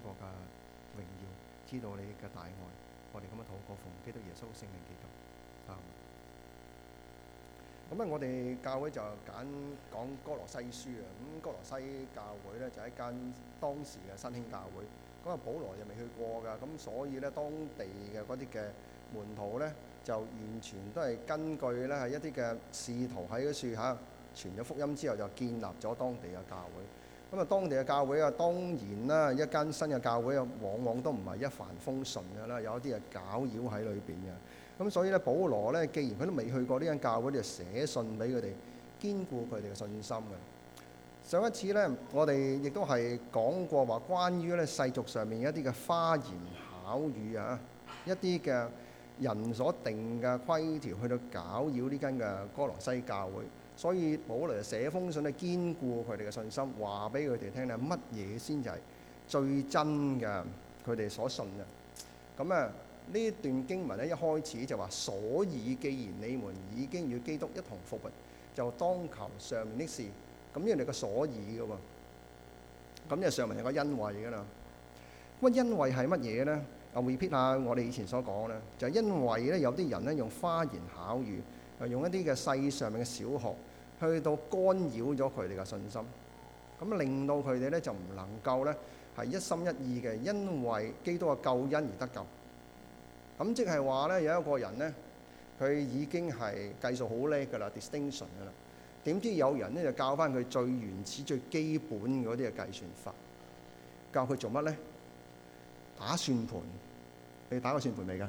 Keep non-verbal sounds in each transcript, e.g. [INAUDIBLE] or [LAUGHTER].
個嘅榮耀，知道你嘅大愛，我哋咁樣透過奉基督耶穌聖名祈求啊！咁咧，我哋教會就揀講哥羅西書啊。咁哥羅西教會咧就係一間當時嘅新興教會，咁啊，保羅又未去過㗎，咁所以咧，當地嘅嗰啲嘅門徒咧，就完全都係根據咧係一啲嘅使徒喺嗰處嚇傳咗福音之後，就建立咗當地嘅教會。咁啊，當地嘅教會啊，當然啦，一間新嘅教會啊，往往都唔係一帆風順嘅啦，有一啲係攪擾喺裏邊嘅。咁所以咧，保羅咧，既然佢都未去過呢間教會，就寫信俾佢哋，堅固佢哋嘅信心嘅。上一次咧，我哋亦都係講過話，關於咧世俗上面一啲嘅花言巧語啊，一啲嘅人所定嘅規條，去到攪擾呢間嘅哥羅西教會。所以，保羅就寫封信嚟堅固佢哋嘅信心，話俾佢哋聽咧，乜嘢先就係最真嘅佢哋所信嘅。咁啊，呢一段經文咧一開始就話：所以，既然你們已經與基督一同復活，就當求上面的事。咁呢個係個所以嘅喎。咁呢個上面係個因為嘅啦。咁因為係乜嘢咧？我 repeat 下我哋以前所講咧，就係因為咧有啲人咧用花言巧語，用一啲嘅世上面嘅小學。去到干擾咗佢哋嘅信心，咁令到佢哋咧就唔能夠咧係一心一意嘅，因為基督嘅救恩而得救。咁即係話咧有一個人咧，佢已經係計數好叻㗎啦，distinction 㗎啦。點 [NOISE] 知有人咧就教返佢最原始最基本嗰啲嘅計算法，教佢做乜咧？打算盤，你打過算盤未㗎？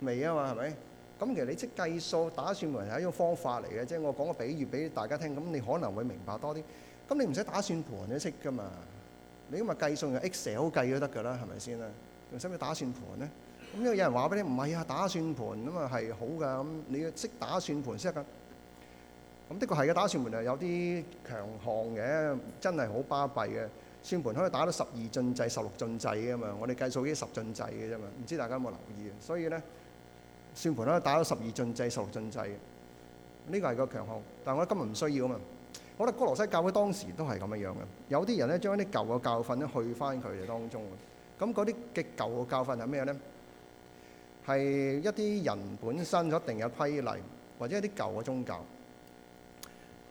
未啊嘛係咪？咁其實你識計數、打算盤係一種方法嚟嘅，即係我講個比喻俾大家聽，咁你可能會明白多啲。咁你唔使打算盤，你識㗎嘛？你咁啊計數用 Excel 計都得㗎啦，係咪先啊？用使唔使打算盤咧？咁因為有人話俾你，唔係啊，打算盤咁啊係好㗎。咁你要識打算盤先得㗎。咁的確係嘅，打算盤啊有啲強項嘅，真係好巴閉嘅。算盤可以打到十二進制、十六進制㗎嘛。我哋計數呢十進制㗎啫嘛。唔知大家有冇留意？所以咧。算盤啦，打咗十二進制、十六進制嘅，呢個係個強項。但係我今日唔需要啊嘛。我覺得哥羅西教會當時都係咁嘅樣嘅，有啲人咧將啲舊嘅教訓咧去翻佢哋當中啊。咁嗰啲極舊嘅教訓係咩咧？係一啲人本身所定嘅規例，或者一啲舊嘅宗教。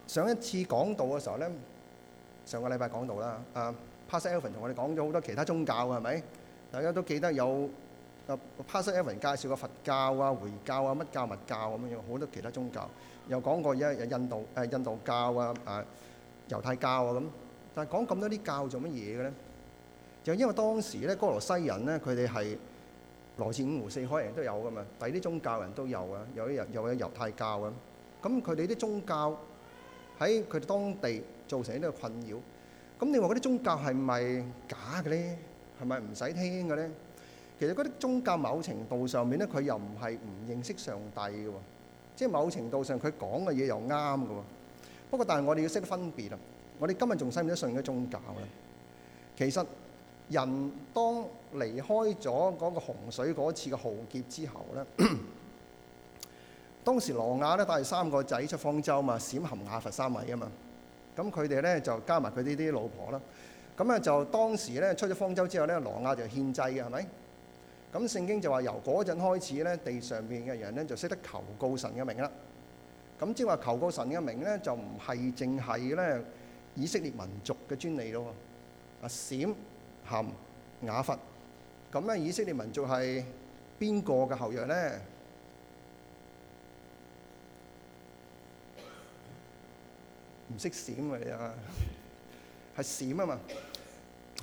上一次講道嘅時候咧，上個禮拜講道啦。誒，Pastor Evan 同我哋講咗好多其他宗教嘅係咪？大家都記得有。啊，Passion Evening 介紹過佛教啊、回教啊、乜教、物教咁樣，好多其他宗教又講過一印度誒、印度教啊、誒猶太教啊咁。但係講咁多啲教做乜嘢嘅咧？就因為當時咧，哥羅西人咧，佢哋係來自五湖四海嘅人都有噶嘛，第二啲宗教人都有啊，有啲人又有猶太教啊咁。咁佢哋啲宗教喺佢當地造成呢個困擾。咁你話嗰啲宗教係咪假嘅咧？係咪唔使聽嘅咧？其實嗰啲宗教某程度上面咧，佢又唔係唔認識上帝嘅喎，即係某程度上佢講嘅嘢又啱嘅喎。不過但係我哋要識得分別啦。我哋今日仲使唔使信嗰啲宗教咧？其實人當離開咗嗰個洪水嗰次嘅浩劫之後咧， [COUGHS] 當時羅亞咧帶三個仔出方舟嘛，閃、含、亞弗三位啊嘛，咁佢哋咧就加埋佢啲啲老婆啦，咁啊就當時咧出咗方舟之後咧，羅亞就獻祭嘅係咪？咁聖經就話由嗰陣開始咧，地上邊嘅人咧就識得求告神嘅名啦。咁即係話求告神嘅名咧，就唔係淨係咧以色列民族嘅專利咯。啊，閃、含、雅弗，咁咧以色列民族係邊個嘅後裔咧？唔識閃啊！你啊！係閃啊嘛。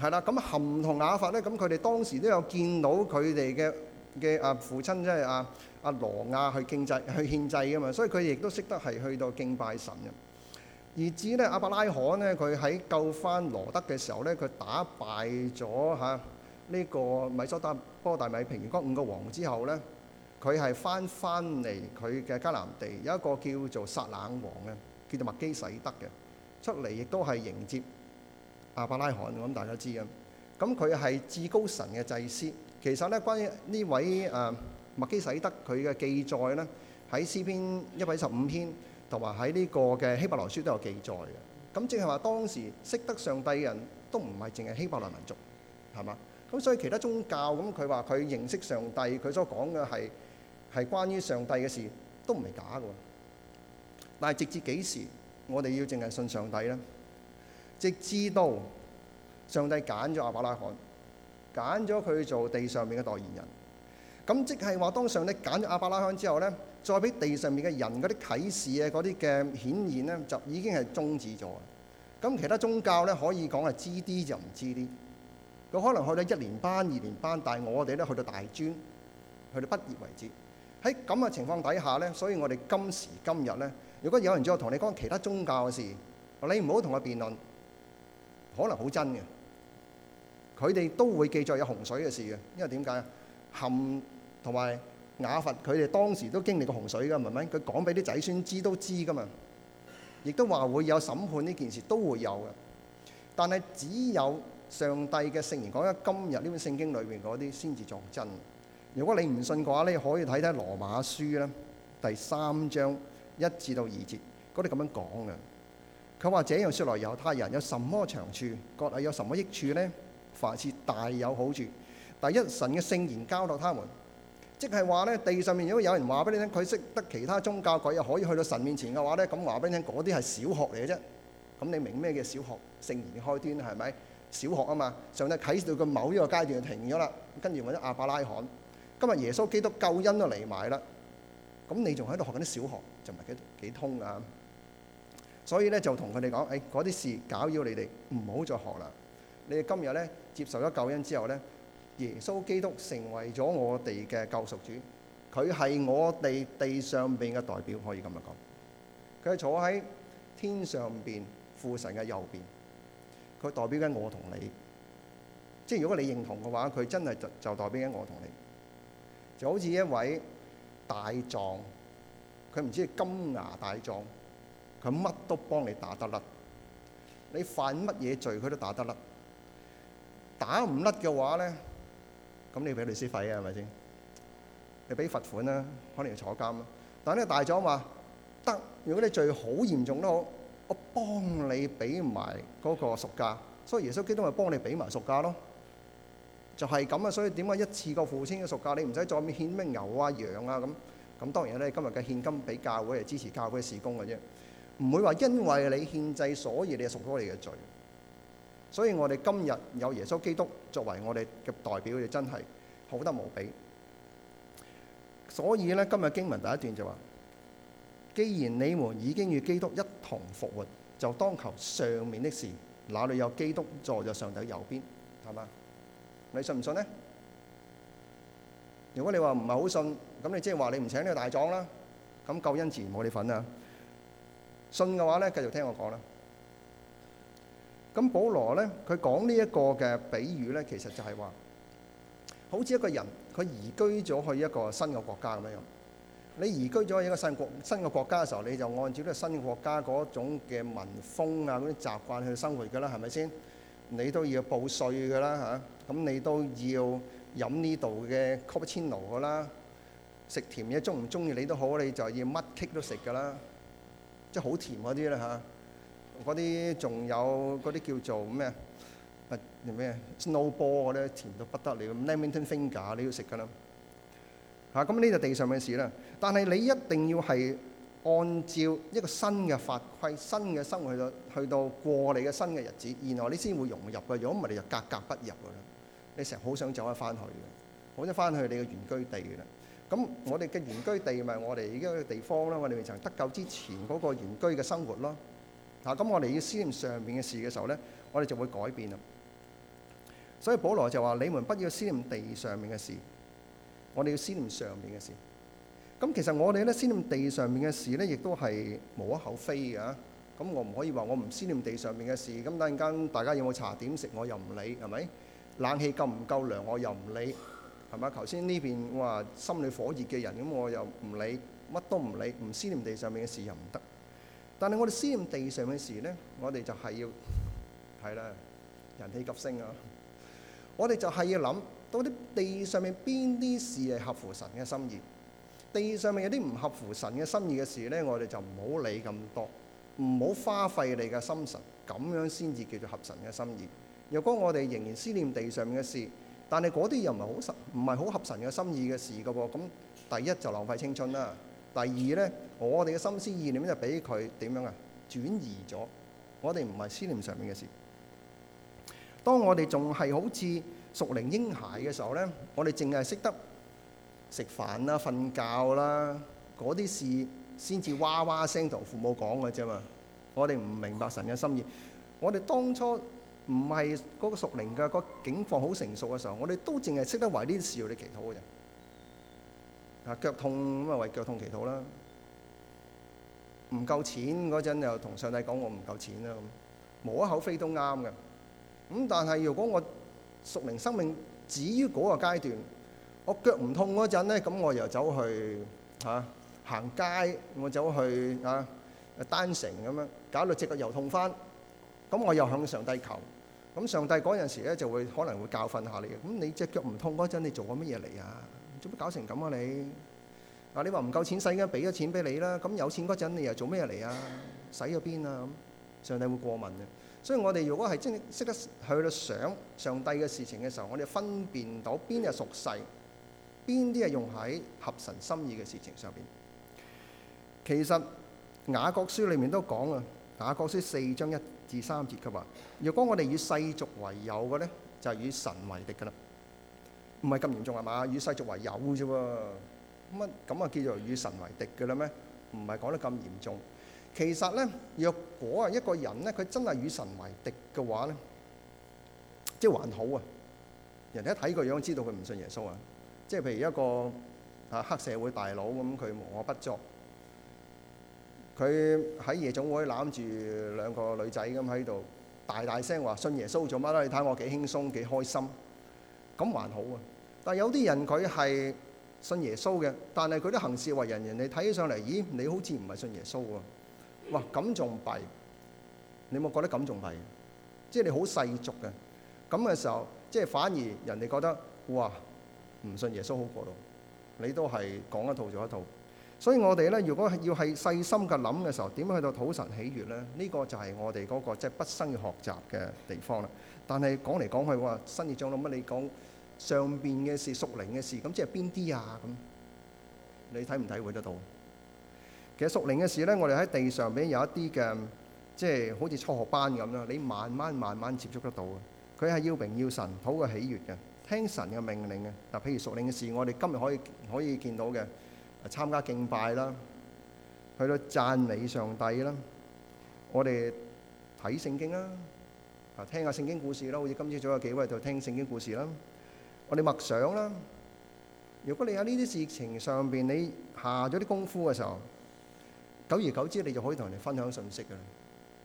係啦，咁含同雅弗咧，咁佢哋當時都有見到佢哋嘅嘅啊父親，即係阿啊，啊挪亞去敬祭、去獻祭㗎嘛，所以佢亦都識得係去到敬拜神嘅。而至於咧，亞伯拉罕呢，佢喺救翻羅德嘅時候呢，佢打敗咗嚇呢個米索達波大米平原嗰五個王之後呢，佢係翻翻嚟佢嘅迦南地，有一個叫做撒冷王嘅，叫做麥基洗德嘅，出嚟亦都係迎接。阿伯拉罕，咁大家知啊，咁佢係至高神嘅祭司。其實咧，關於、呃、呢位誒麥基洗德，佢嘅記載咧，喺詩篇一百十五篇，同埋喺呢個嘅希伯來書都有記載嘅。咁即係話當時識得上帝嘅人都唔係淨係希伯來民族，係嘛？咁所以其他宗教咁佢話佢認識上帝，佢所講嘅係係關於上帝嘅事，都唔係假嘅。但係直至幾時，我哋要淨係信上帝咧？即知道上帝揀咗亞伯拉罕，揀咗佢做地上面嘅代言人。咁即係話，當上帝揀咗亞伯拉罕之後咧，再俾地上面嘅人嗰啲啟示啊，嗰啲嘅顯現咧，就已經係終止咗。咁其他宗教咧，可以講係知啲就唔知啲。佢可能去到一年班、二年班，但係我哋咧去到大專，去到畢業為止。喺咁嘅情況底下咧，所以我哋今時今日咧，如果有人再同你講其他宗教嘅事，你唔好同佢辯論。可能好真嘅，佢哋都會記載有洪水嘅事嘅，因為點解啊？含同埋雅弗，佢哋當時都經歷過洪水㗎，明唔明？佢講俾啲仔孫知都知㗎嘛，亦都話會有審判呢件事都會有嘅，但係只有上帝嘅聖言講咗今日呢本聖經裏邊嗰啲先至作真。如果你唔信嘅話咧，你可以睇睇羅馬書咧第三章一至到二節，嗰啲咁樣講嘅。佢話：這樣説來猶太人有什麼長處？割禮有什麼益處呢？凡事大有好處。第一，神嘅聖言交落他們，即係話咧，地上面如果有人話俾你聽，佢識得其他宗教，佢又可以去到神面前嘅話呢，咁話俾你聽，嗰啲係小學嚟嘅啫。咁你明咩嘅小學聖言嘅開端係咪小學啊嘛？上帝啟示到佢某一個階段就停咗啦。跟住揾啲亞伯拉罕。今日耶穌基督救恩都嚟埋啦。咁你仲喺度學緊啲小學，就唔係幾幾通啊？所以咧就同佢哋講：誒，嗰啲事搞擾你哋，唔好再學啦。你哋今日咧接受咗救恩之後咧，耶穌基督成為咗我哋嘅救贖主，佢係我哋地上邊嘅代表，可以咁樣講。佢係坐喺天上邊父神嘅右邊，佢代表緊我同你。即係如果你認同嘅話，佢真係就代表緊我同你。就好似一位大狀，佢唔知係金牙大狀。佢乜都幫你打得甩，你犯乜嘢罪佢都打得甩。打唔甩嘅話咧，咁你俾律師費呀係咪先？你俾罰款啦，可能要坐監啦。但呢個大眾話得，如果你罪好嚴重都好，我幫你俾埋嗰個贖價。所以耶穌基督咪幫你俾埋贖價咯，就係咁啊。所以點解一次過付清嘅贖價你唔使再獻咩牛啊、羊啊咁咁？當然咧，今日嘅獻金俾教會係支持教會事工嘅啫。唔會話因為你獻祭，所以你就贖咗你嘅罪。所以我哋今日有耶穌基督作為我哋嘅代表，佢真係好得無比。所以咧，今日經文第一段就話：既然你們已經與基督一同復活，就當求上面的事。哪裏有基督坐在上帝右邊？係嘛？你信唔信咧？如果你話唔係好信，咁你即係話你唔請呢個大狀啦。咁救恩自然冇你份呀。信嘅話咧，繼續聽我講啦。咁保羅咧，佢講呢一個嘅比喻咧，其實就係話，好似一個人佢移居咗去一個新嘅國家咁樣。你移居咗喺一個新國新嘅國家嘅時候，你就按照呢個新嘅國家嗰種嘅民風啊，嗰啲習慣去生活㗎啦，係咪先？你都要報稅㗎啦，嚇、啊。咁你都要飲呢度嘅 cover 焗千羅㗎啦，食甜嘢鍾唔鍾意你都好，你就要乜 cake 都食㗎啦。即係好甜嗰啲啦嚇，嗰啲仲有嗰啲叫做咩啊？咩 Snowball 嗰啲甜到不得了，Lamington Finger 你要食噶啦嚇，咁呢就地上面嘅事啦。但係你一定要係按照一個新嘅法規、新嘅生活去到去到過你嘅新嘅日子，然後你先會融入㗎。如果唔係，你就格格不入㗎啦。你成日好想走翻翻去，好想翻去你嘅原居地㗎啦。咁我哋嘅原居地咪我哋依家嘅地方咯，我哋未曾得救之前嗰個原居嘅生活咯。嗱，咁我哋要思念上面嘅事嘅時候咧，我哋就會改變啦。所以保羅就話：你們不要思念地上面嘅事，我哋要思念上面嘅事。咁其實我哋咧思念地上面嘅事咧，亦都係無可厚非嘅。咁我唔可以話我唔思念地上面嘅事，咁等陣間大家有冇茶點食我又唔理，係咪？冷氣夠唔夠涼我又唔理。係嘛？頭先呢邊話心裏火熱嘅人，咁我又唔理，乜都唔理，唔思念地上面嘅事又唔得。但係我哋思念地上面嘅事呢，我哋就係要係啦，人氣急升啊！我哋就係要諗，到底地上面邊啲事係合乎神嘅心意。地上面有啲唔合乎神嘅心意嘅事呢，我哋就唔好理咁多，唔好花費你嘅心神，咁樣先至叫做合神嘅心意。若果我哋仍然思念地上面嘅事，但係嗰啲又唔係好神，唔係好合神嘅心意嘅事㗎喎。咁第一就浪費青春啦。第二呢，我哋嘅心思意念就俾佢點樣啊？轉移咗。我哋唔係思念上面嘅事。當我哋仲係好似屬靈嬰孩嘅時候呢，我哋淨係識得食飯啦、瞓覺啦嗰啲事，先至哇哇聲同父母講嘅啫嘛。我哋唔明白神嘅心意。我哋當初，唔係嗰個屬靈嘅個境況好成熟嘅時候，我哋都淨係識得為呢啲事要你祈禱嘅啫。啊，腳痛咁啊，為腳痛祈禱啦。唔夠錢嗰陣又同上帝講我唔夠錢啦咁，無一口飛都啱嘅。咁但係如果我屬靈生命止於嗰個階段，我腳唔痛嗰陣咧，咁我又走去嚇行街，我走去嚇單程咁樣搞到隻腳又痛翻。咁我又向上帝求，咁上帝嗰陣時咧就會可能會教訓下你嘅。咁你隻腳唔痛嗰陣，你做過乜嘢嚟啊？做乜搞成咁啊你？嗱，你話唔夠錢使嘅，俾咗錢俾你啦。咁有錢嗰陣，你又做咩嚟啊？使咗邊啊？咁上帝會過問嘅。所以我哋如果係精識得去到想上帝嘅事情嘅時候，我哋分辨到邊係屬世，邊啲係用喺合神心意嘅事情上面。其實雅各書裡面都講啊，雅各書四章一、二三節佢話：若果我哋與世俗為友嘅咧，就係與神為敵㗎啦。唔係咁嚴重係嘛？與世俗為友啫喎，咁啊咁啊叫做與神為敵㗎啦咩？唔係講得咁嚴重。其實咧，若果啊一個人咧，佢真係與神為敵嘅話咧，即係還好啊。人哋一睇個樣知道佢唔信耶穌啊。即係譬如一個啊黑社會大佬咁，佢無我不作。佢喺夜總會攬住兩個女仔咁喺度，大大聲話信耶穌做乜啦？你睇我幾輕鬆幾開心，咁還好啊。但係有啲人佢係信耶穌嘅，但係佢啲行事為人，人哋睇起上嚟，咦，你好似唔係信耶穌喎？哇，咁仲弊？你有冇覺得咁仲弊？即係你好世俗嘅。咁嘅時候，即係反而人哋覺得哇，唔信耶穌好過咯。你都係講一套做一套。所以我哋咧，如果係要係細心嘅諗嘅時候，點樣去到討神喜悅咧？呢個就係我哋嗰個即係畢生要學習嘅地方啦。但係講嚟講去話，Sunny 長老乜？你講上邊嘅事、屬靈嘅事，咁即係邊啲啊？咁你體唔體會得到？其實屬靈嘅事咧，我哋喺地上邊有一啲嘅，即係好似初學班咁啦。你慢慢慢慢接觸得到嘅，佢係要榮耀神，討個喜悅嘅，聽神嘅命令嘅。嗱，譬如屬靈嘅事，我哋今日可以可以見到嘅。啊！參加敬拜啦，去到讚美上帝啦，我哋睇聖經啦，啊，聽下聖經故事啦，好似今朝早有幾位就聽聖經故事啦，我哋默想啦。如果你喺呢啲事情上邊，你下咗啲功夫嘅時候，久而久之，你就可以同人哋分享信息噶啦。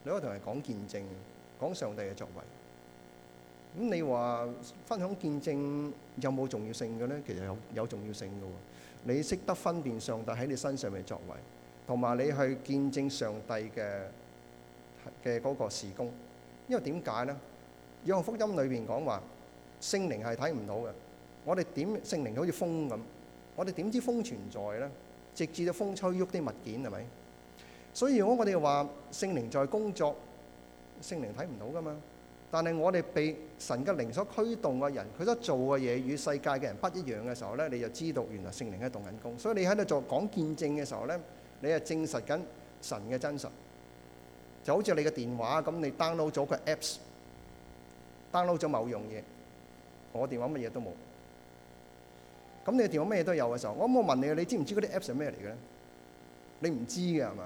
你可以同人講見證，講上帝嘅作為。咁你話分享見證有冇重要性嘅咧？其實有有重要性噶喎。你識得分辨上帝喺你身上面作為，同埋你去見證上帝嘅嘅嗰個事工，因為點解咧？《約翰福音》裏邊講話聖靈係睇唔到嘅。我哋點聖靈好似風咁，我哋點知風存在咧？直至到風吹喐啲物件係咪？所以如果我哋話聖靈在工作，聖靈睇唔到㗎嘛。但係我哋被神嘅靈所驅動嘅人，佢所做嘅嘢與世界嘅人不一樣嘅時候咧，你就知道原來聖靈喺動緊工。所以你喺度做講見證嘅時候咧，你係證實緊神嘅真實。就好似你嘅電話咁，你 download 咗個 apps，download 咗某樣嘢，我電話乜嘢都冇。咁你嘅電話乜嘢都有嘅時候，我冇我問你，你知唔知嗰啲 apps 係咩嚟嘅咧？你唔知嘅係嘛？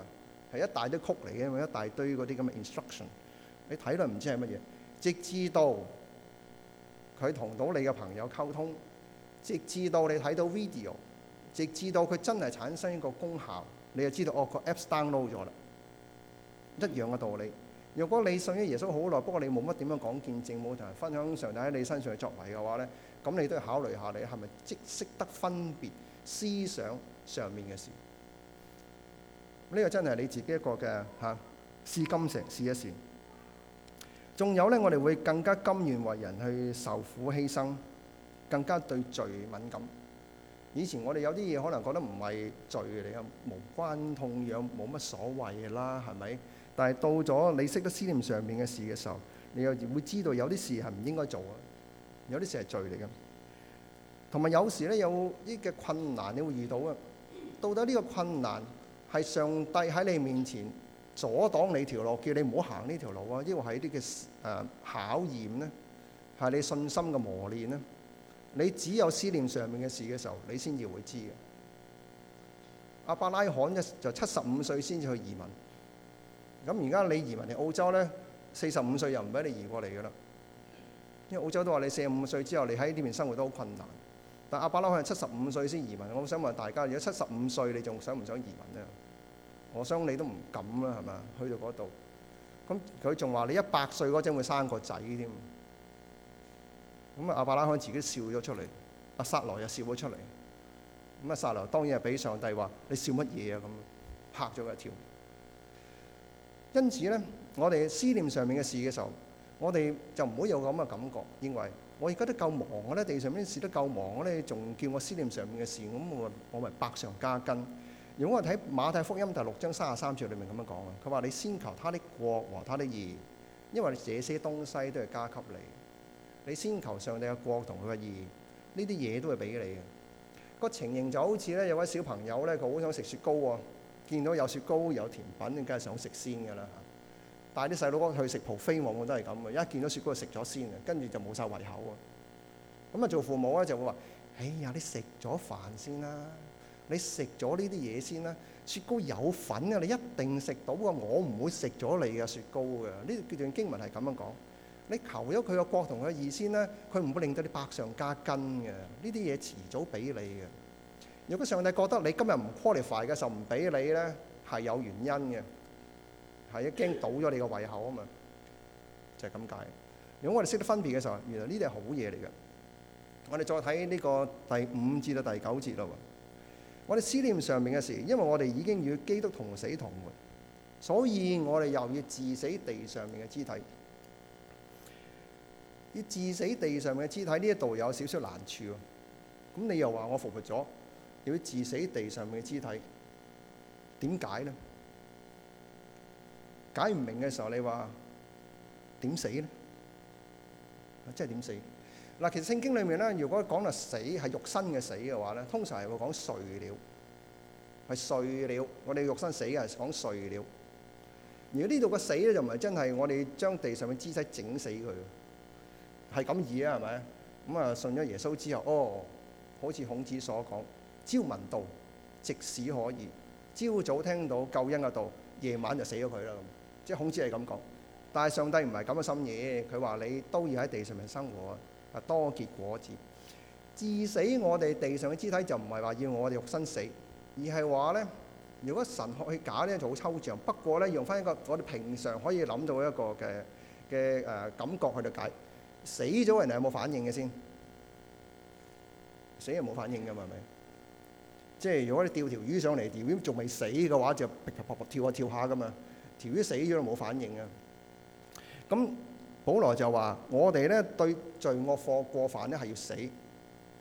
係一大堆曲嚟嘅，因為一大堆嗰啲咁嘅 instruction，你睇到唔知係乜嘢。直至到佢同到你嘅朋友溝通，直至到你睇到 video，直至到佢真係產生一個功效，你就知道哦，個 app download 咗啦。一樣嘅道理。如果你信咗耶穌好耐，不過你冇乜點樣講見證，冇同人分享上帝喺你身上嘅作為嘅話咧，咁你都要考慮下你係咪即識得分別思想上面嘅事。呢個真係你自己一個嘅嚇試金石，試、啊、一試。仲有咧，我哋會更加甘願為人去受苦犧牲，更加對罪敏感。以前我哋有啲嘢可能覺得唔係罪嚟嘅，無關痛癢，冇乜所謂嘅啦，係咪？但係到咗你識得思念上面嘅事嘅時候，你又會知道有啲事係唔應該做啊，有啲事係罪嚟嘅。同埋有時咧，有啲嘅困難你會遇到啊。到底呢個困難係上帝喺你面前？阻擋你條路，叫你唔好行呢條路啊！因為係一啲嘅誒考驗咧，係你信心嘅磨練咧。你只有思念上面嘅事嘅時候，你先至會知嘅。亞伯拉罕咧就七十五歲先至去移民。咁而家你移民嚟澳洲咧，四十五歲又唔俾你移過嚟㗎喇。因為澳洲都話你四十五歲之後，你喺呢邊生活都好困難。但阿伯拉罕係七十五歲先移民。我想問大家，如果七十五歲，你仲想唔想移民咧？我想你都唔敢啦，係咪？去到嗰度，咁佢仲話你一百歲嗰陣會生個仔添。咁啊，亞伯拉罕自己笑咗出嚟，阿撒羅又笑咗出嚟。咁啊，撒羅當然係畀上帝話：你笑乜嘢啊？咁嚇咗一跳。因此咧，我哋思念上面嘅事嘅時候，我哋就唔會有咁嘅感覺，認為我而家都夠忙我咧，地上面事都夠忙我咧，仲叫我思念上面嘅事，咁我我咪百上加斤。如果我睇馬太福音第六章三十三節裏面咁樣講嘅，佢話你先求他的國和他的義，因為這些東西都係加給你。你先求上帝嘅國同佢嘅義，呢啲嘢都會俾你嘅。個情形就好似咧有位小朋友咧，佢好想食雪糕喎，見到有雪糕有甜品，你梗係想食先㗎啦。但係啲細佬哥去食蒲飛，往往都係咁嘅，一見到雪糕就食咗先嘅，跟住就冇晒胃口喎。咁啊，做父母咧就會話：，哎呀，你食咗飯先啦。你食咗呢啲嘢先啦，雪糕有份啊！你一定食到噶，我唔會食咗你嘅雪糕嘅。呢段經文係咁樣講。你求咗佢個國同佢嘅意先咧，佢唔會令到你百上加斤嘅。呢啲嘢遲早俾你嘅。如果上帝覺得你今日唔 qualify 嘅時候唔俾你咧，係有原因嘅，係一驚倒咗你個胃口啊嘛，就係咁解。如果我哋識得分別嘅時候，原來呢啲係好嘢嚟嘅。我哋再睇呢個第五節到第九節啦喎。我哋思念上面嘅事，因為我哋已經與基督同死同活，所以我哋又要治死地上面嘅肢體。要治死地上面嘅肢體，呢一度有少少難處喎。咁你又話我復活咗，又要治死地上面嘅肢體，點解呢？解唔明嘅時候，你話點死呢？啊，即係點死？嗱，其實聖經裏面咧，如果講到死係肉身嘅死嘅話咧，通常係會講睡了，係睡了。我哋肉身死嘅係講睡了。而呢度個死咧就唔係真係我哋將地上嘅肢體整死佢，係咁易啊，係咪？咁、嗯、啊，信咗耶穌之後，哦，好似孔子所講，朝聞道，即使可以，朝早聽到救恩嘅道，夜晚就死咗佢啦。咁即係孔子係咁講，但係上帝唔係咁嘅心意，佢話你都要喺地上面生活。啊！多結果子治死，我哋地上嘅肢體就唔係話要我哋肉身死，而係話咧，如果神學去解咧就好抽象。不過咧，用翻一個我哋平常可以諗到一個嘅嘅誒感覺去到解。死咗人哋有冇反應嘅先？死人冇反應㗎嘛？係咪？即係如果你釣條魚上嚟，條魚仲未死嘅話，就劈劈撲撲跳下跳下㗎嘛。條魚死咗就冇反應啊。咁。保羅就話：我哋咧對罪惡過過犯咧係要死，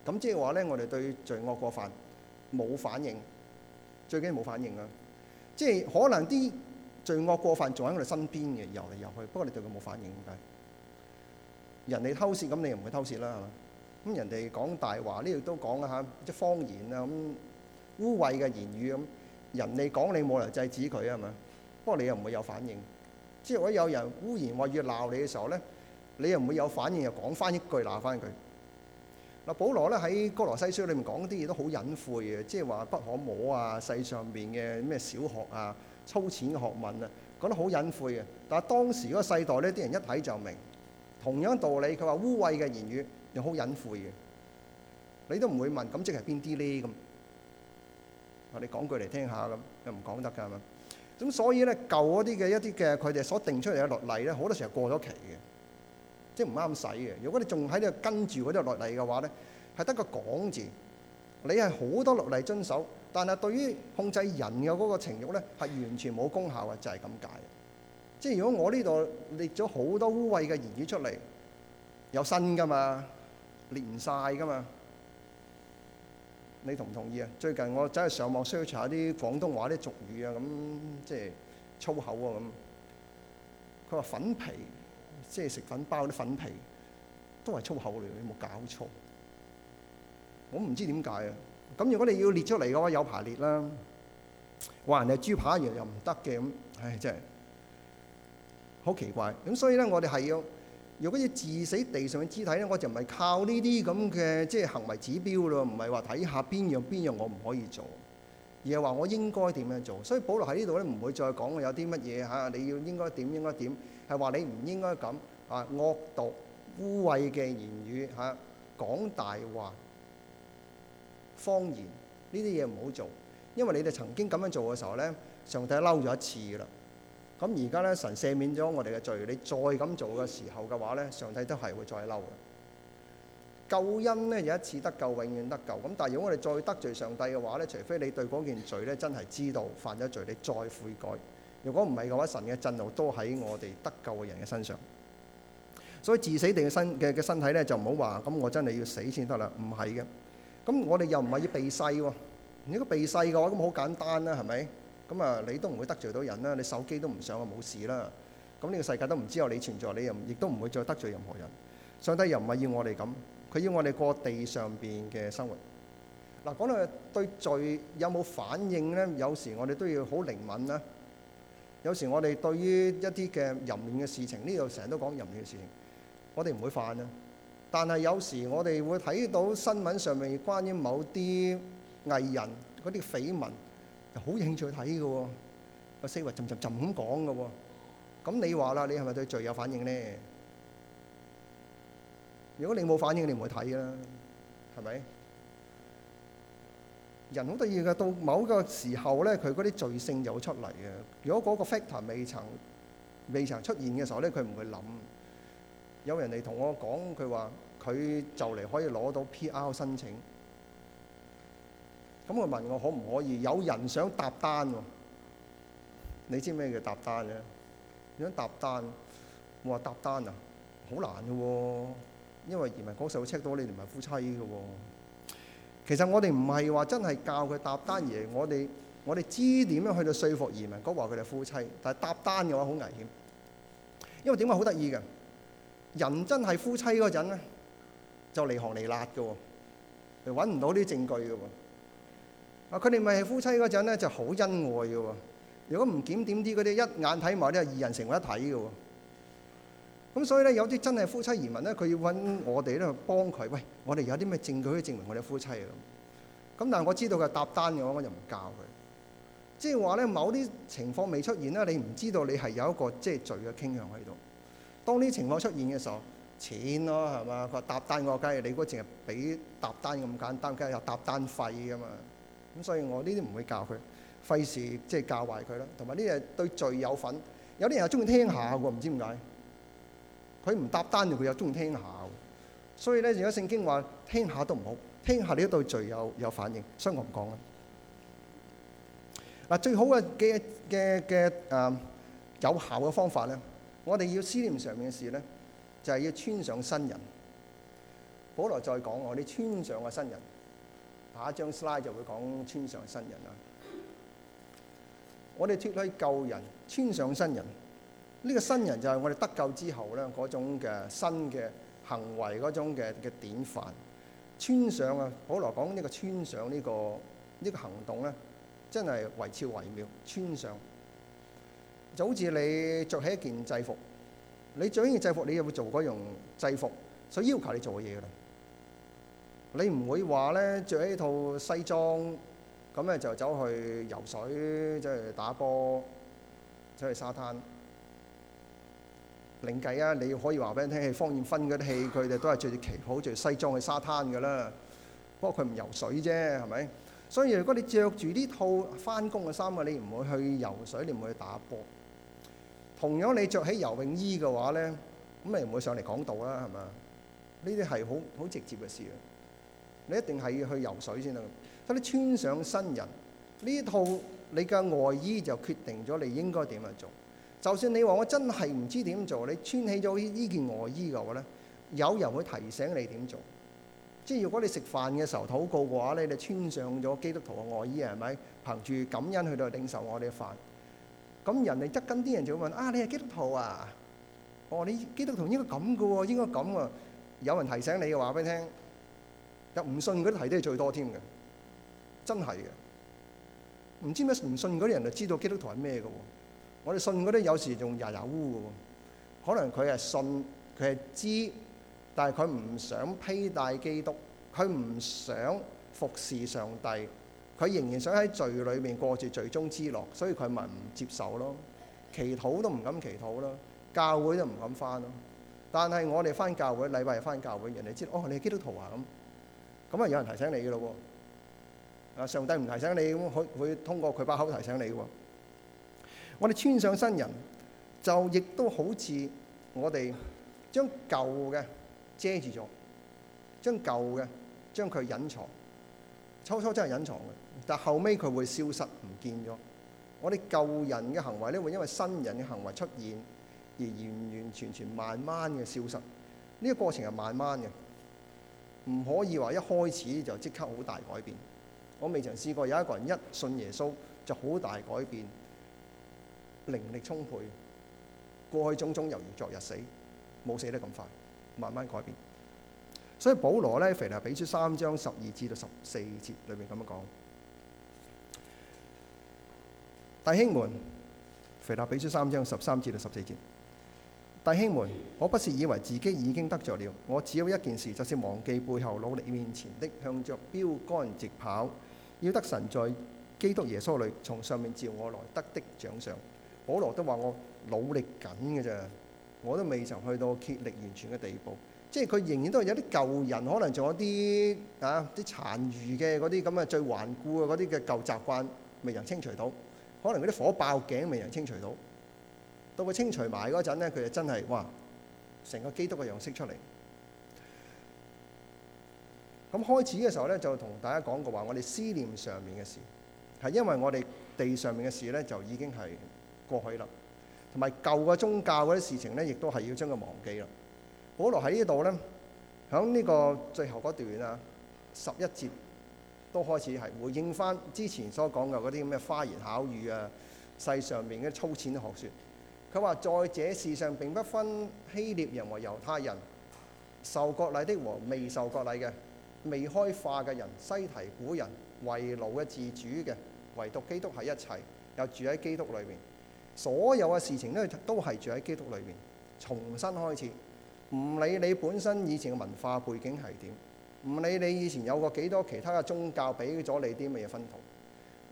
咁即係話咧我哋對罪惡過犯冇反應，最緊要冇反應啊！即係可能啲罪惡過犯仲喺我哋身邊嘅遊嚟遊去，不過你對佢冇反應咁解。人哋偷竊咁，你又唔會偷竊啦，係嘛？咁人哋講大話，呢度都講啦嚇，即係謗言啊咁污衊嘅言語咁，人哋講你冇嚟制止佢，係嘛？不過你又唔會有反應。即係如果有人污言話要鬧你嘅時候咧，你又唔會有反應，又講翻一句鬧翻一句。嗱，保羅咧喺哥羅西書裏面講啲嘢都好隱晦嘅，即係話不可摸啊，世上面嘅咩小學啊、粗淺嘅學問啊，講得好隱晦嘅。但係當時嗰個世代咧，啲人一睇就明。同樣道理，佢話污穢嘅言語又好隱晦嘅，你都唔會問，咁即係邊啲咧咁？你講句嚟聽下咁，又唔講得㗎係咪？咁所以咧，舊嗰啲嘅一啲嘅佢哋所定出嚟嘅律例咧，好多時候過咗期嘅，即係唔啱使嘅。如果你仲喺度跟住嗰啲律例嘅話咧，係得個講字，你係好多律例遵守，但係對於控制人嘅嗰個情慾咧，係完全冇功效嘅，就係、是、咁解。即係如果我呢度列咗好多污穢嘅言語出嚟，有新㗎嘛，列唔曬㗎嘛。你同唔同意啊？最近我真係上網 search 下啲廣東話啲俗語啊，咁即係粗口喎咁。佢話粉皮，即係食粉包啲粉皮，都係粗口嚟，你冇搞錯。我唔知點解啊。咁如果你要列出嚟嘅話，有排列啦。話人哋豬扒一樣又唔得嘅咁，唉，真係好奇怪。咁所以咧，我哋係要。如果要致死地上嘅肢體咧，我就唔係靠呢啲咁嘅即係行為指標咯，唔係話睇下邊樣邊樣我唔可以做，而係話我應該點樣做。所以保羅喺呢度咧，唔會再講我有啲乜嘢嚇，你要應該點應該點，係話你唔應該咁啊，惡毒污穢嘅言語嚇講、啊、大話謊言呢啲嘢唔好做，因為你哋曾經咁樣做嘅時候咧，上帝嬲咗一次啦。咁而家咧，神赦免咗我哋嘅罪，你再咁做嘅時候嘅話咧，上帝都係會再嬲嘅。救恩咧有一次得救，永遠得救。咁但係如果我哋再得罪上帝嘅話咧，除非你對嗰件罪咧真係知道犯咗罪，你再悔改。如果唔係嘅話，神嘅震怒都喺我哋得救嘅人嘅身上。所以自死定嘅身嘅嘅身體咧，就唔好話咁，我真係要死先得啦。唔係嘅。咁我哋又唔係要避世喎。如果避世嘅話，咁好簡單啦，係咪？咁啊，你都唔會得罪到人啦，你手機都唔上啊，冇事啦。咁呢個世界都唔知有你存在，你又亦都唔會再得罪任何人。上帝又唔係要我哋咁，佢要我哋過地上邊嘅生活。嗱，講到對罪有冇反應呢，有時我哋都要好靈敏啦。有時我哋對於一啲嘅淫亂嘅事情，呢度成日都講淫亂嘅事情，我哋唔會犯啊。但係有時我哋會睇到新聞上面關於某啲藝人嗰啲緋聞。好興趣睇嘅，阿四話浸浸浸咁講嘅，咁你話啦，你係咪對罪有反應呢？如果你冇反應，你唔會睇啦，係咪？人好得意嘅，到某個時候呢，佢嗰啲罪性有出嚟嘅。如果嗰個 factor 未曾未曾出現嘅時候呢，佢唔會諗。有人嚟同我講，佢話佢就嚟可以攞到 P.R. 申請。咁佢問我可唔可以有人想搭單喎、啊？你知咩叫搭單咧、啊？想搭單？我話搭單啊，好難嘅喎、啊，因為移民局就會 check 到你哋唔係夫妻嘅喎、啊。其實我哋唔係話真係教佢搭單嘢，我哋我哋知點樣去到說服移民局話佢哋夫妻，但係搭單嘅話好危險，因為點解好得意嘅？人真係夫妻嗰陣咧，就離行離辣嘅喎、啊，揾唔到啲證據嘅喎、啊。啊！佢哋咪係夫妻嗰陣咧，就好恩愛嘅喎。如果唔檢點啲嗰啲一眼睇埋咧，二人成為一體嘅喎。咁所以咧，有啲真係夫妻移民咧，佢要揾我哋咧幫佢。喂，我哋有啲咩證據可以證明我哋夫妻啊？咁但係我知道佢係搭單嘅話，我就唔教佢。即係話咧，某啲情況未出現咧，你唔知道你係有一個即係罪嘅傾向喺度。當呢情況出現嘅時候，錢咯係嘛？佢話搭單我梗係你淨係俾搭單咁簡單，梗係有搭單費㗎嘛。咁所以我呢啲唔會教佢，費事即係教壞佢啦。同埋呢啲係對罪有份，有啲人係中意聽下喎，唔知點解。佢唔搭單條，佢又中意聽下。所以咧，如果聖經話聽下都唔好，聽下你都對罪有有反應，所以我唔講啦。嗱，最好嘅嘅嘅誒有效嘅方法咧，我哋要思念上面嘅事咧，就係要穿上新人。保羅再講我哋穿上嘅新人。下張 slide 就會講穿上新人啦。我哋脫去舊人，穿上新人。呢個新人就係我哋得救之後咧，嗰種嘅新嘅行為嗰種嘅嘅典範。穿上啊，保羅講呢個穿上呢個呢個行動咧，真係惟妙惟肖。穿上就好似你着起一件制服，你着起件制服，你又會做嗰樣制服所以要求你做嘅嘢㗎啦。你唔會話咧着起套西裝咁咧就走去游水，走去打波，走去沙灘。另計啊，你可以話俾人聽，係方艷芬嗰啲戲，佢哋都係着住旗袍、着西裝去沙灘噶啦。不過佢唔游水啫，係咪？所以如果你着住呢套返工嘅衫嘅，你唔會去游水，你唔會去打波。同樣你着起游泳衣嘅話咧，咁你唔會上嚟講道啦，係嘛？呢啲係好好直接嘅事。你一定係要去游水先得。咁，睇你穿上新人，呢套你嘅外衣就決定咗你應該點樣做。就算你話我真係唔知點做，你穿起咗呢件外衣嘅話呢，有人會提醒你點做。即係如果你食飯嘅時候禱告嘅話呢，你穿上咗基督徒嘅外衣啊，係咪？憑住感恩去到領受我哋嘅飯。咁人哋側跟啲人就會問：啊，你係基督徒啊？哦，你基督徒應該咁嘅喎，應該咁啊。」有人提醒你嘅話俾你聽。又唔信嗰啲係都係最多添嘅，真係嘅。唔知咩唔信嗰啲人就知道基督徒係咩嘅喎？我哋信嗰啲有時仲日日烏嘅喎，可能佢係信佢係知，但係佢唔想披戴基督，佢唔想服侍上帝，佢仍然想喺罪裏面過住罪中之樂，所以佢咪唔接受咯，祈禱都唔敢祈禱咯，教會都唔敢返咯。但係我哋返教會禮拜日返教會，人哋知道哦，你係基督徒啊咁。咁啊，有人提醒你嘅咯啊，上帝唔提醒你，咁可會通過佢把口提醒你嘅。我哋穿上新人，就亦都好似我哋將舊嘅遮住咗，將舊嘅將佢隱藏，初初真係隱藏嘅，但後尾佢會消失唔見咗。我哋舊人嘅行為咧，會因為新人嘅行為出現而完完全全慢慢嘅消失。呢個過程係慢慢嘅。唔可以話一開始就即刻好大改變。我未曾試過有一個人一信耶穌就好大改變，靈力充沛，過去種種猶如昨日死，冇死得咁快，慢慢改變。所以保羅呢，腓立比書三章十二至到十四節裏面咁樣講。弟兄們，腓立比書三章十三至到十四節。弟兄們，我不是以為自己已經得着了。我只有一件事，就是忘記背後，努力面前的，向着標竿直跑。要得神在基督耶穌裏，從上面召我來得的獎賞。保羅都話我努力緊嘅啫，我都未曾去到竭力完全嘅地步。即係佢仍然都係有啲舊人，可能仲有啲啊啲殘餘嘅嗰啲咁嘅最頑固嘅嗰啲嘅舊習慣，未能清除到。可能嗰啲火爆頸未能清除到。到佢清除埋嗰陣咧，佢就真係哇，成個基督嘅樣式出嚟。咁開始嘅時候咧，就同大家講過話，我哋思念上面嘅事係因為我哋地上面嘅事咧就已經係過去啦，同埋舊嘅宗教嗰啲事情咧，亦都係要將佢忘記啦。保羅喺呢度咧，響呢個最後嗰段啊，十一節都開始係回應翻之前所講嘅嗰啲咁嘅花言巧語啊，世上面嘅粗淺嘅學說。佢話：在這世上並不分希臘人和猶太人，受割禮的和未受割禮嘅，未開化嘅人、西提古人、為奴嘅、自主嘅，唯獨基督係一切，又住喺基督裏面。所有嘅事情都都係住喺基督裏面，重新開始。唔理你本身以前嘅文化背景係點，唔理你以前有過幾多其他嘅宗教俾咗你啲咩嘢分途。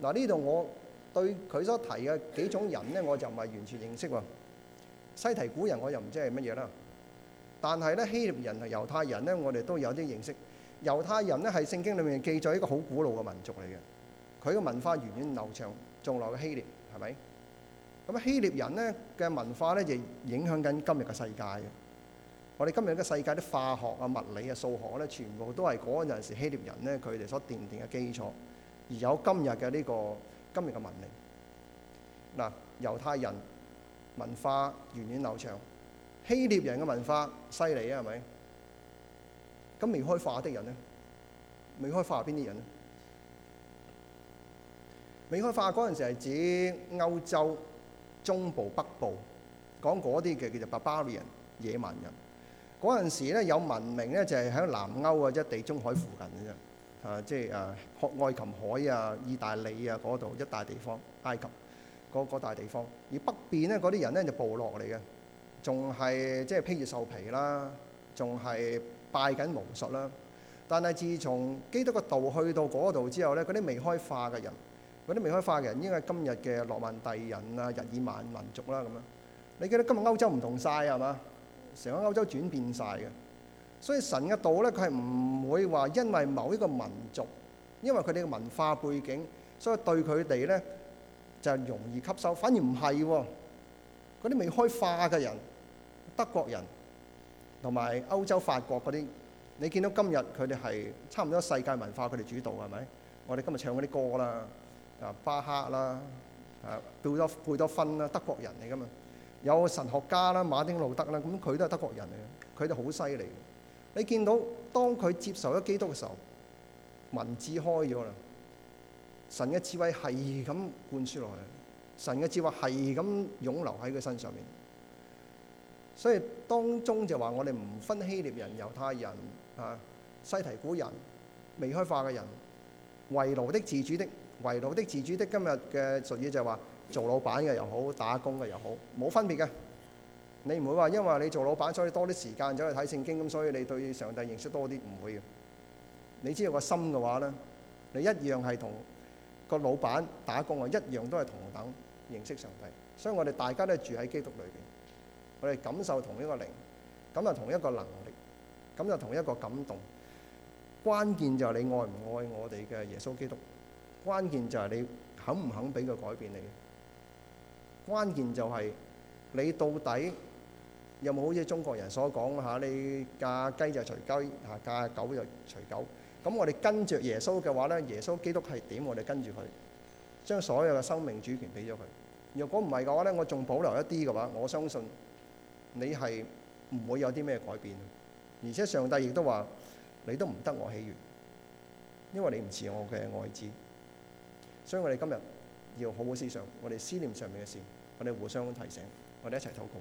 嗱，呢度我。對佢所提嘅幾種人咧，我就唔係完全認識喎。西提古人我又唔知係乜嘢啦，但係咧希臘人同猶太人咧，我哋都有啲認識。猶太人咧係聖經裏面記載一個好古老嘅民族嚟嘅，佢嘅文化源遠流長，仲留嘅希臘係咪？咁啊，希臘人咧嘅文化咧就影響緊今日嘅世界。我哋今日嘅世界啲化學啊、物理啊、數學咧，全部都係嗰陣時希臘人咧佢哋所奠定嘅基礎，而有今日嘅呢個。今日嘅文明嗱，猶太人文化源遠流長，希臘人嘅文化犀利啊，係咪？咁未開化的人咧，未開化邊啲人咧？未開化嗰陣時係指歐洲中部北部，講嗰啲嘅叫做 Barbarian，野蠻人。嗰陣時咧有文明咧就係喺南歐啊，即係地中海附近嘅啫。啊，即係啊，愛琴海啊、意大利啊嗰度、那個、一大地方，埃及嗰、那個那個、大地方。而北邊呢，嗰啲人呢就是、部落嚟嘅，仲係即係披住獸皮啦、啊，仲係拜緊巫術啦、啊。但係自從基督嘅道去到嗰度之後呢，嗰啲未開化嘅人，嗰啲未開化嘅人應該係今日嘅諾曼第人啊、日耳曼民族啦、啊、咁樣。你記得今日歐洲唔同晒係嘛？成個歐洲轉變晒嘅。所以神嘅道咧，佢係唔會話因為某一個民族，因為佢哋嘅文化背景，所以對佢哋咧就係容易吸收。反而唔係喎，嗰啲未開化嘅人，德國人同埋歐洲法國嗰啲，你見到今日佢哋係差唔多世界文化佢哋主導係咪？我哋今日唱嗰啲歌啦，啊，巴赫啦，啊，貝多貝多芬啦，德國人嚟㗎嘛？有神學家啦，馬丁路德啦，咁佢都係德國人嚟嘅，佢哋好犀利。你見到當佢接受咗基督嘅時候，文字開咗啦，神嘅智慧係咁灌輸落去，神嘅智慧係咁湧流喺佢身上面，所以當中就話我哋唔分希臘人、猶太人啊、西提古人、未開化嘅人、為奴的、自主的、為奴的、自主的。自主的今日嘅術語就話，做老闆嘅又好，打工嘅又好，冇分別嘅。你唔會話，因為你做老闆，所以多啲時間走去睇聖經，咁所以你對上帝認識多啲，唔會嘅。你知道個心嘅話咧，你一樣係同個老闆打工啊，一樣都係同等認識上帝。所以我哋大家都住喺基督裏邊，我哋感受同一個靈，咁就同一個能力，咁就同一個感動。關鍵就係你愛唔愛我哋嘅耶穌基督？關鍵就係你肯唔肯俾佢改變你？關鍵就係你到底，有冇好似中國人所講嚇？你嫁雞就隨雞，嚇嫁狗就隨狗。咁我哋跟着耶穌嘅話咧，耶穌基督係點？我哋跟住佢，將所有嘅生命主權俾咗佢。若果唔係嘅話咧，我仲保留一啲嘅話，我相信你係唔會有啲咩改變。而且上帝亦都話你都唔得我喜悅，因為你唔似我嘅愛子。所以我哋今日要好好思想，我哋思念上面嘅事，我哋互相提醒，我哋一齊禱告。